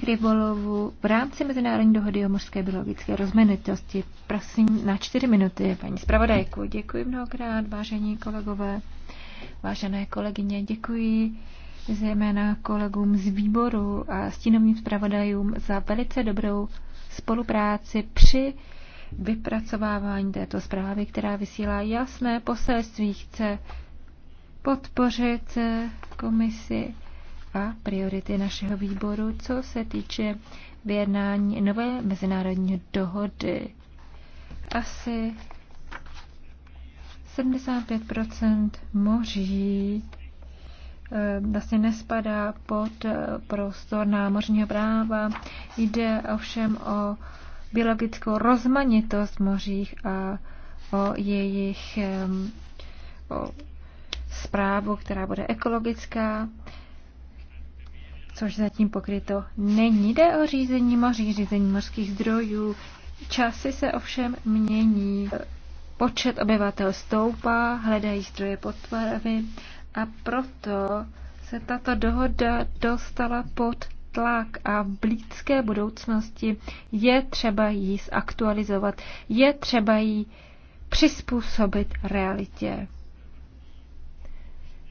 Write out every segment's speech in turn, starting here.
k rybolovu v rámci Mezinárodní dohody o mořské biologické rozmanitosti. Prosím na čtyři minuty, paní zpravodajku. Děkuji mnohokrát, vážení kolegové, vážené kolegyně, děkuji zejména kolegům z výboru a stínovým zpravodajům za velice dobrou spolupráci při vypracovávání této zprávy, která vysílá jasné poselství, chce podpořit komisi a priority našeho výboru, co se týče vyjednání nové mezinárodní dohody. Asi 75 moří eh, vlastně nespadá pod eh, prostor námořního práva. Jde ovšem o biologickou rozmanitost mořích a o jejich eh, o zprávu, která bude ekologická což zatím pokryto není. Jde o řízení moří, řízení mořských zdrojů. Časy se ovšem mění. Počet obyvatel stoupá, hledají zdroje potravy a proto se tato dohoda dostala pod tlak a v blízké budoucnosti je třeba ji zaktualizovat, je třeba ji přizpůsobit realitě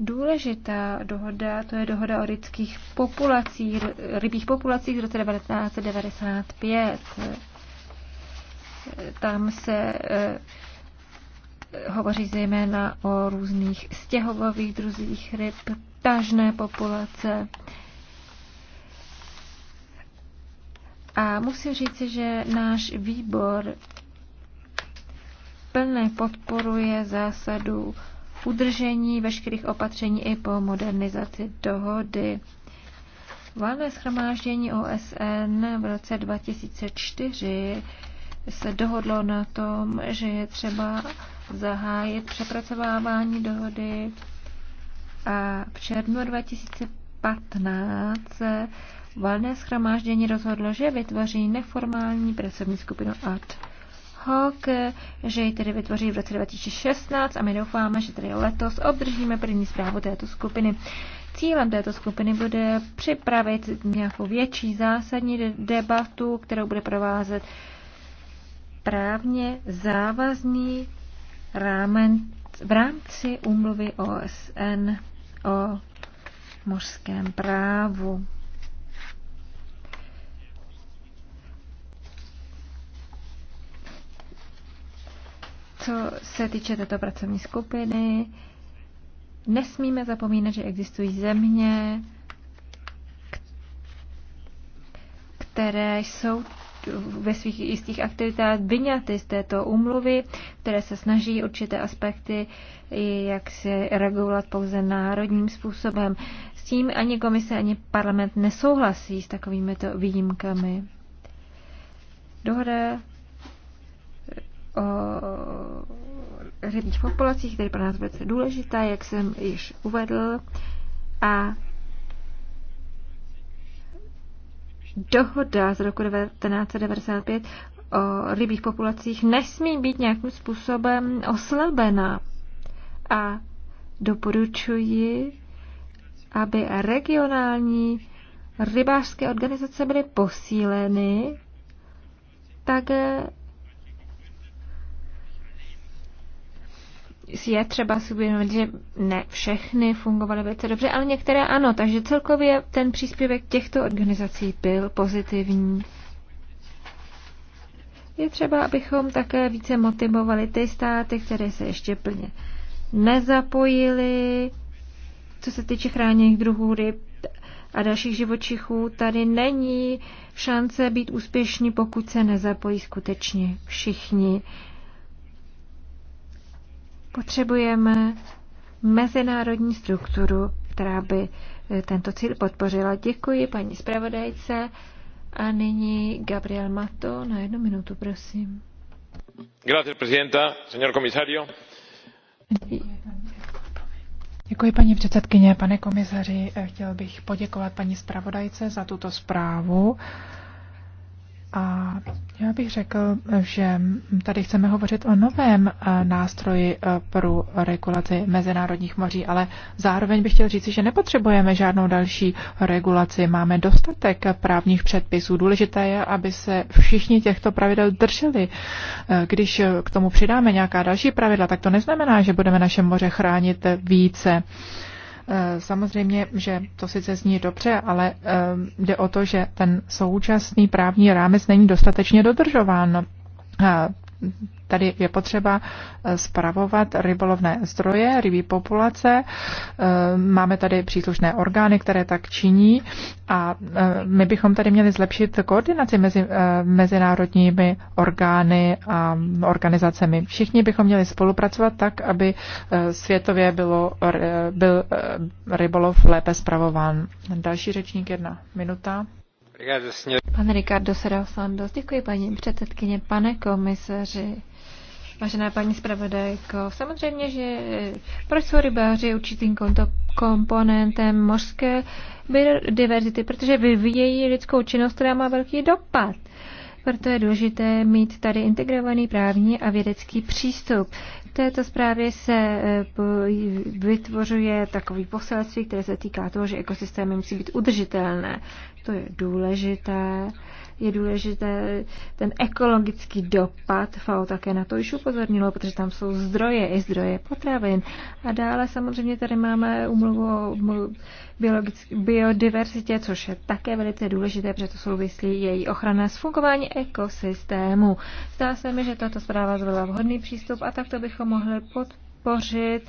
důležitá dohoda, to je dohoda o rybských populacích, rybích populacích z roce 1995. Tam se eh, hovoří zejména o různých stěhovových druzích ryb, tažné populace. A musím říci, že náš výbor plně podporuje zásadu udržení veškerých opatření i po modernizaci dohody. Valné schromáždění OSN v roce 2004 se dohodlo na tom, že je třeba zahájit přepracovávání dohody a v červnu 2015 valné schromáždění rozhodlo, že vytvoří neformální pracovní skupinu AD. Hawk, že ji tedy vytvoří v roce 2016 a my doufáme, že tedy letos obdržíme první zprávu této skupiny. Cílem této skupiny bude připravit nějakou větší zásadní debatu, kterou bude provázet právně závazný rámen v rámci úmluvy OSN o mořském právu. co se týče této pracovní skupiny, nesmíme zapomínat, že existují země, které jsou ve svých jistých aktivitách vyňaty z této úmluvy, které se snaží určité aspekty, jak se regulovat pouze národním způsobem. S tím ani komise, ani parlament nesouhlasí s takovými to výjimkami. Dohoda o rybních populacích, které pro nás velice důležitá, jak jsem již uvedl. A dohoda z roku 1995 o rybích populacích nesmí být nějakým způsobem oslabená. A doporučuji, aby regionální rybářské organizace byly posíleny, tak. je třeba si uvědomit, že ne všechny fungovaly velice dobře, ale některé ano, takže celkově ten příspěvek těchto organizací byl pozitivní. Je třeba, abychom také více motivovali ty státy, které se ještě plně nezapojily, co se týče chráněných druhů ryb a dalších živočichů, tady není šance být úspěšní, pokud se nezapojí skutečně všichni. Potřebujeme mezinárodní strukturu, která by e, tento cíl podpořila. Děkuji paní zpravodajce. A nyní Gabriel Mato na jednu minutu, prosím. Gracias, presidenta, señor comisario. Děkuji paní předsedkyně, pane komisaři. E, chtěl bych poděkovat paní zpravodajce za tuto zprávu. A já bych řekl, že tady chceme hovořit o novém eh, nástroji eh, pro regulaci mezinárodních moří, ale zároveň bych chtěl říci, že nepotřebujeme žádnou další regulaci. Máme dostatek právních předpisů. Důležité je, aby se všichni těchto pravidel drželi. Eh, když k tomu přidáme nějaká další pravidla, tak to neznamená, že budeme naše moře chránit více. Eh, samozřejmě, že to sice zní dobře, ale eh, jde o to, že ten současný právní rámec není dostatečně dodržován. Eh, tady je potřeba eh, spravovat rybolovné zdroje, rybí populace. Eh, máme tady příslušné orgány, které tak činí a eh, my bychom tady měli zlepšit koordinaci mezi mezinárodními orgány a organizacemi. Všichni bychom měli spolupracovat tak, aby světově bylo, byl rybolov lépe spravován. Další řečník jedna minuta. Pane Ricardo Serausandos, děkuji paní předsedkyně, pane komisaři. Vážená paní zpravodajko, samozřejmě, že proč jsou rybáři určitým komponentem mořské biodiverzity, protože vyvíjejí lidskou činnost, která má velký dopad. Proto je důležité mít tady integrovaný právní a vědecký přístup. V této zprávě se eh, vytvořuje takový poselství, které se týká toho, že ekosystémy musí být udržitelné. To je důležité je důležité ten ekologický dopad. FAO také na to již upozornilo, protože tam jsou zdroje i zdroje potravin. A dále samozřejmě tady máme umluvu o biodiverzitě, což je také velice důležité, protože to souvislí její ochrana s fungování ekosystému. Zdá se mi, že tato zpráva zvolila vhodný přístup a takto bychom mohli podpořit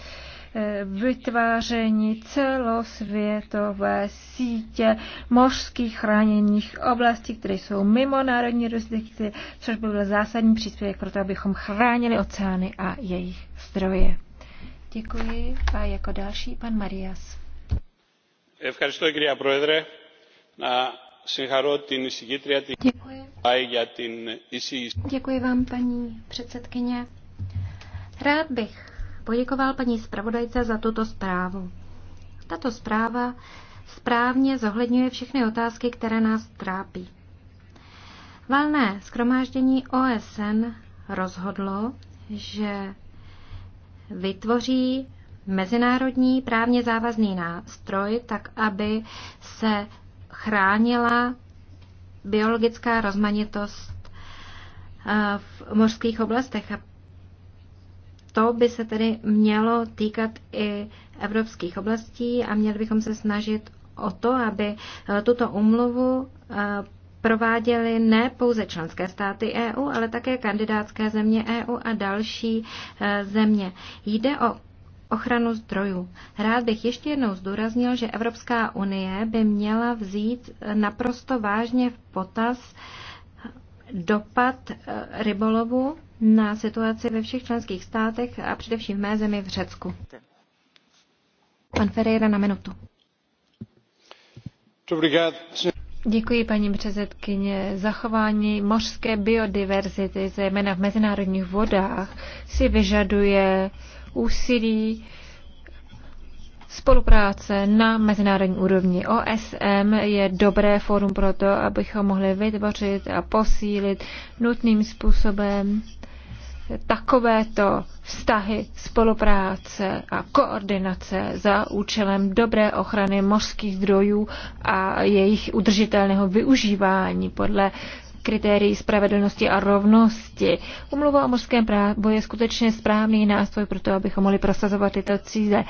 vytváření celosvětové sítě mořských chráněných oblastí, které jsou mimo národní jurisdikci, což by byl zásadní příspěvek pro to, abychom chránili oceány a jejich zdroje. Děkuji a jako další pan Marias. Děkuji. Děkuji vám, paní předsedkyně. Rád bych poděkoval paní zpravodajce za tuto zprávu. Tato zpráva správně zohledňuje všechny otázky, které nás trápí. Valné skromáždění OSN rozhodlo, že vytvoří mezinárodní právně závazný nástroj, tak aby se chránila biologická rozmanitost eh, v mořských oblastech. A to by se tedy mělo týkat i evropských oblastí a měli bychom se snažit o to, aby eh, tuto umluvu eh, prováděly ne pouze členské státy EU, ale také kandidátské země EU a další eh, země. Jde o ochranu zdrojů. Rád bych ještě jednou zdůraznil, že Evropská unie by měla vzít naprosto vážně v potaz dopad eh, rybolovu na situaci ve všech členských státech a především v mé zemi v Řecku. Pan Ferreira na minutu. Děkuji, paní předsedkyně. Zachování mořské biodiverzity, zejména v mezinárodních vodách, si vyžaduje úsilí Spolupráce na mezinárodní úrovni OSM je dobré fórum pro to, abychom mohli vytvořit a posílit nutným způsobem takovéto vztahy, spolupráce a koordinace za účelem dobré ochrany mořských zdrojů a jejich udržitelného využívání podle kritérií spravedlnosti a rovnosti. Umluva o mořském právu je skutečně správný nástroj pro to, abychom mohli prosazovat tyto cíle.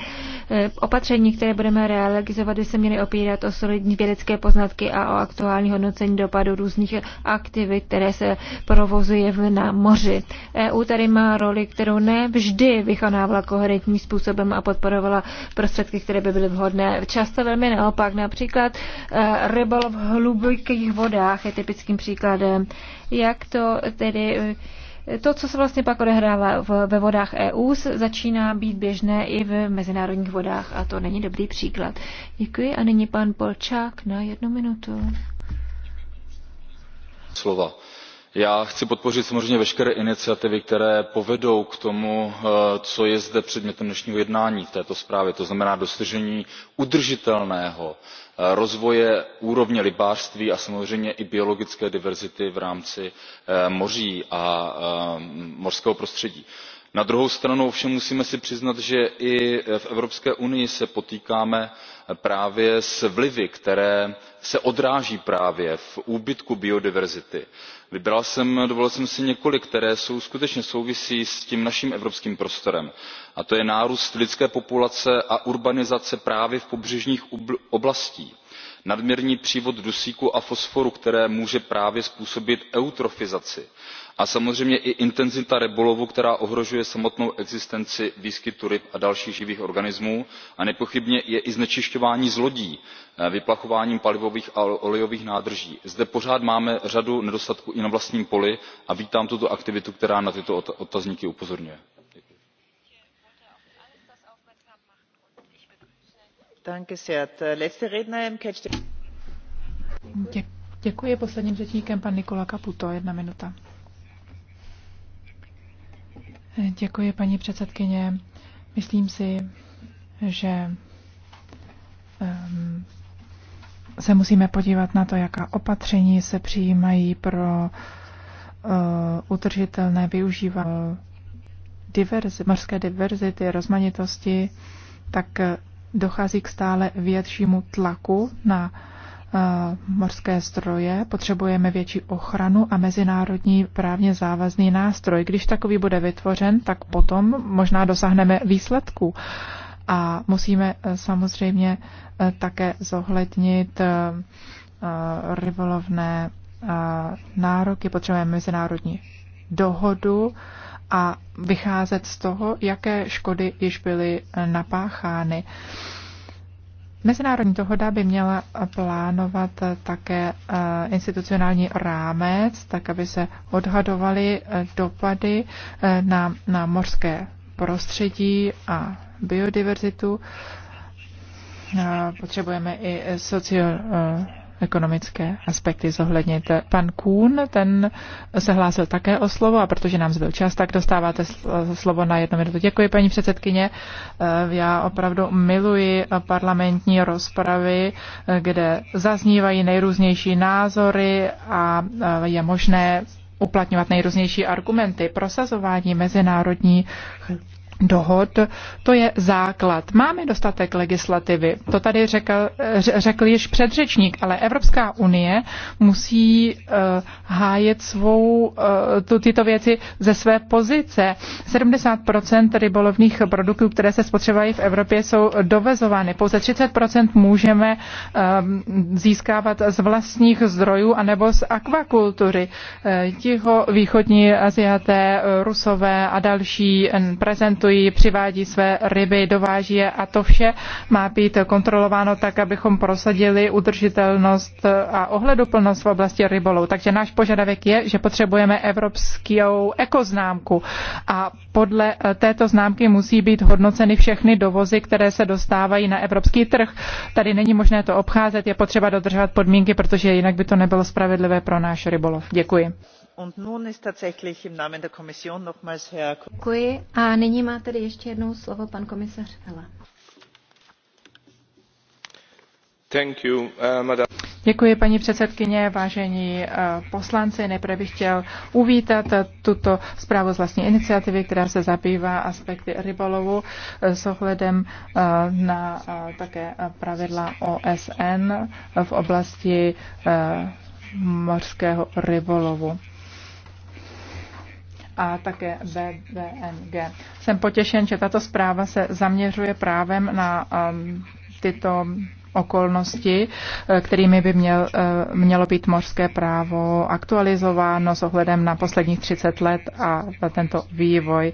E, opatření, které budeme realizovat, by se měly opírat o solidní vědecké poznatky a o aktuální hodnocení dopadu různých aktivit, které se provozuje na moři. EU tady má roli, kterou ne vždy vykonávala koherentním způsobem a podporovala prostředky, které by byly vhodné. Často velmi naopak, například e, rybolov v hlubokých vodách je typickým příkladem příkladem, jak to tedy to, co se vlastně pak odehrává ve vodách EU, začíná být běžné i v mezinárodních vodách a to není dobrý příklad. Děkuji a nyní pan Polčák na jednu minutu. Slova já chci podpořit samozřejmě veškeré iniciativy které povedou k tomu eh, co je zde předmětem dnešního jednání v této zprávě to znamená dosažení udržitelného eh, rozvoje úrovně rybářství a samozřejmě i biologické diverzity v rámci eh, moří a mořského prostředí na druhou stranu ovšem musíme si přiznat že i v evropské unii se potýkáme právě s vlivy které se odráží právě v úbytku biodiverzity. Vybral jsem, dovolil jsem si několik které skutečně souvisí s tím naším evropským prostorem a to je nárůst lidské populace a urbanizace právě v pobřežních oblastech nadměrný přívod dusíku a fosforu který může právě způsobit eutrofizaci a samozřejmě i intenzita rybolovu která ohrožuje samotnou existenci výskytu ryb a dalších živých organismů a nepochybně je i znečišťování z lodí eh, vyplachováním palivových a olejových nádrží. zde pořád máme řadu nedostatků i na vlastním poli a vítám tuto aktivitu která na tyto otazníky upozorňuje. Posledním řečníkem pan Nikola Jedna minuta. Děkuji, paní předsedkyně. Myslím si, že um, se musíme podívat na to, jaká opatření se přijímají pro uh, udržitelné využívání diverzi, mořské diverzity, rozmanitosti, tak dochází k stále většímu tlaku na eh, morské zdroje, potřebujeme větší ochranu a mezinárodní právně závazný nástroj. Když takový bude vytvořen, tak potom možná dosáhneme výsledku. A musíme eh, samozřejmě eh, také zohlednit rybolovné nároky, potřebujeme mezinárodní dohodu a vycházet z toho, jaké škody již byly napáchány. Mezinárodní dohoda by měla plánovat také eh, institucionální rámec, tak aby se odhadovaly eh, dopady eh, na, na mořské prostředí a biodiverzitu. Potřebujeme i socio ekonomické aspekty zohlednit. Pan Kuhn, ten se hlásil také o slovo a protože nám zbyl čas, tak dostáváte slovo na jednu minutu. Děkuji, paní předsedkyně. Eh, já opravdu miluji parlamentní rozpravy, eh, kde zaznívají nejrůznější názory a eh, je možné uplatňovat nejrůznější argumenty. Prosazování mezinárodní dohod, to je základ. Máme dostatek legislativy, to tady řekl, řekl již předřečník, ale Evropská unie musí uh, eh, hájet svou, uh, tu, tyto věci ze své pozice. 70% rybolovných produktů, které se spotřebovají v Evropě, jsou dovezovány. Pouze 30% můžeme um, získávat z vlastních zdrojů anebo z akvakultury. Uh, tiho východní Aziaté, Rusové a další prezentují exportují, přivádí své ryby, dováží je a to vše má být kontrolováno tak, abychom prosadili udržitelnost a ohleduplnost v oblasti rybolov. Takže náš požadavek je, že potřebujeme evropskou ekoznámku a podle této známky musí být hodnoceny všechny dovozy, které se dostávají na evropský trh. Tady není možné to obcházet, je potřeba dodržovat podmínky, protože jinak by to nebylo spravedlivé pro náš rybolov. Děkuji. Děkuji a nyní má tedy ještě jednou slovo pan komisař uh, Děkuji, paní předsedkyně, vážení uh, poslanci. Nejprve bych chtěl uvítat tuto zprávu z vlastní iniciativy, která se zabývá aspekty rybolovu uh, s ohledem na také pravidla OSN v oblasti mořského rybolovu a také BVNG. Jsem potěšen, že tato zpráva se zaměřuje právem na um, tyto okolnosti, eh, kterými by měl, eh, mělo být mořské právo aktualizováno s ohledem na posledních 30 let a tento vývoj.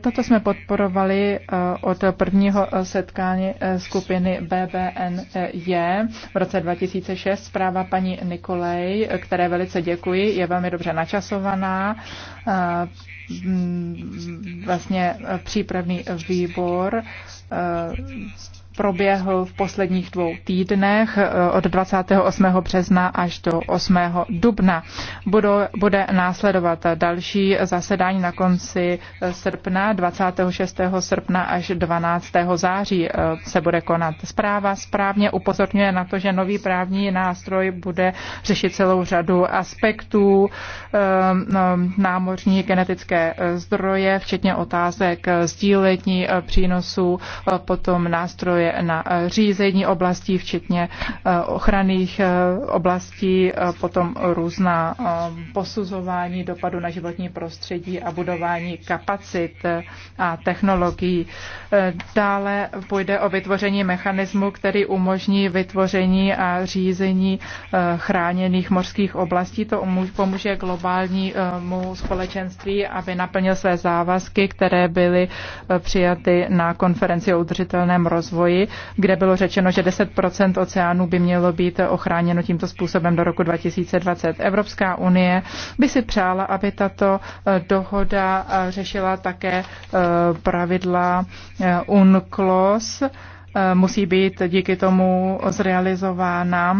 Toto jsme podporovali eh, od prvního setkání skupiny BBNJ e v roce 2006. Zpráva paní Nikolej, které velice děkuji, je velmi dobře načasovaná vlastně přípravný výbor proběhl v posledních dvou týdnech eh, od 28. března až do 8. dubna. Budou, bude následovat další zasedání na konci eh, srpna, 26. srpna až 12. září eh, se bude konat. Zpráva správně upozorňuje na to, že nový právní nástroj bude řešit celou řadu aspektů no, námořní genetické zdroje, včetně otázek sdílení přínosů, potom nástroje právě na eh, řízení oblastí, včetně eh, ochranných eh, oblastí, potom různá posuzování dopadu na životní prostředí a budování kapacit a technologií. Dále půjde o vytvoření mechanismu, který umožní vytvoření a řízení chráněných mořských oblastí. To pomůže globálnímu společenství, aby naplnil své závazky, které byly přijaty na konferenci o udržitelném rozvoji kde bylo řečeno, že 10 oceánů by mělo být ochráněno tímto způsobem do roku 2020. Evropská unie by si přála, aby tato eh, dohoda eh, řešila také eh, pravidla UNCLOS, musí být díky tomu zrealizována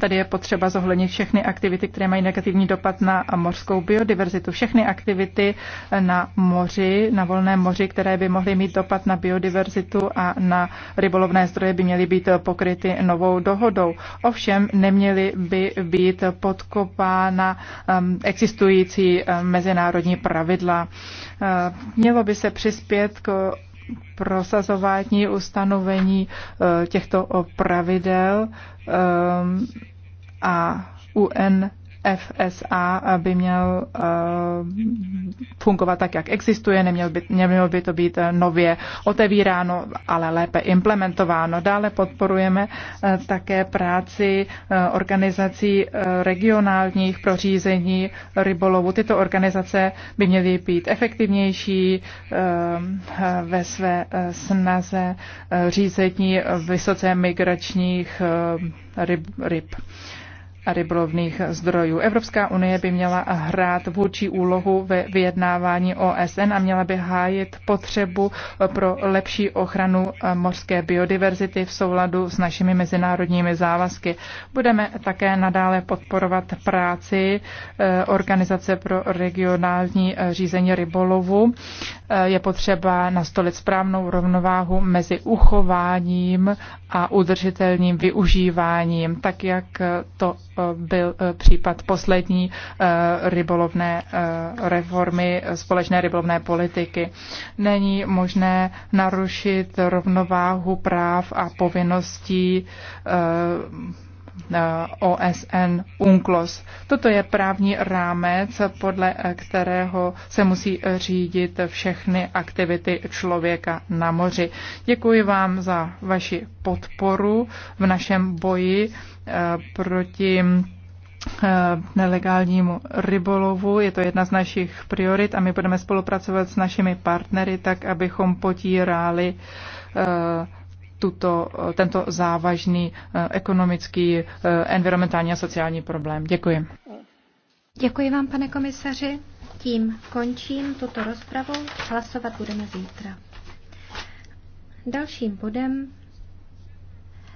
Tady je potřeba zohlednit všechny aktivity, které mají negativní dopad na mořskou biodiverzitu. Všechny aktivity na moři, na volném moři, které by mohly mít dopad na biodiverzitu a na rybolovné zdroje, by měly být pokryty novou dohodou. Ovšem neměly by být podkopána um, existující um, mezinárodní pravidla. Uh, mělo by se přispět k prosazování ustanovení eh, těchto pravidel eh, a UN FSA by měl eh, fungovat tak, jak existuje, neměl by, nemělo by to být eh, nově otevíráno, ale lépe implementováno. Dále podporujeme eh, také práci organizací regionálních pro řízení rybolovu. Tyto organizace by měly být efektivnější ve své snaze řízení vysoce migračních ryb. ryb rybolovných zdrojů. Evropská unie by měla hrát vůči úlohu ve vyjednávání OSN a měla by hájit potřebu pro lepší ochranu eh, mořské biodiverzity v souladu s našimi mezinárodními závazky. Budeme také nadále podporovat práci eh, Organizace pro regionální eh, řízení rybolovu Eh, je potřeba nastolit správnou rovnováhu mezi uchováním a udržitelným využíváním, tak jak to eh, byl eh, případ poslední rybolovné reformy společné rybolovné politiky. Není možné narušit rovnováhu práv a povinností Eh, OSN UNCLOS. Toto je právní rámec, podle eh, kterého se musí eh, řídit všechny aktivity člověka na moři. Děkuji vám za vaši podporu v našem boji proti nelegálnímu rybolovu. Je to jedna z našich priorit a my budeme spolupracovat s našimi partnery tak, abychom potírali tuto, tento závažný eh, ekonomický, eh, environmentální a sociální problém. Děkuji. Děkuji vám, pane komisaři. Tím končím tuto rozpravu. Hlasovat budeme zítra. Dalším bodem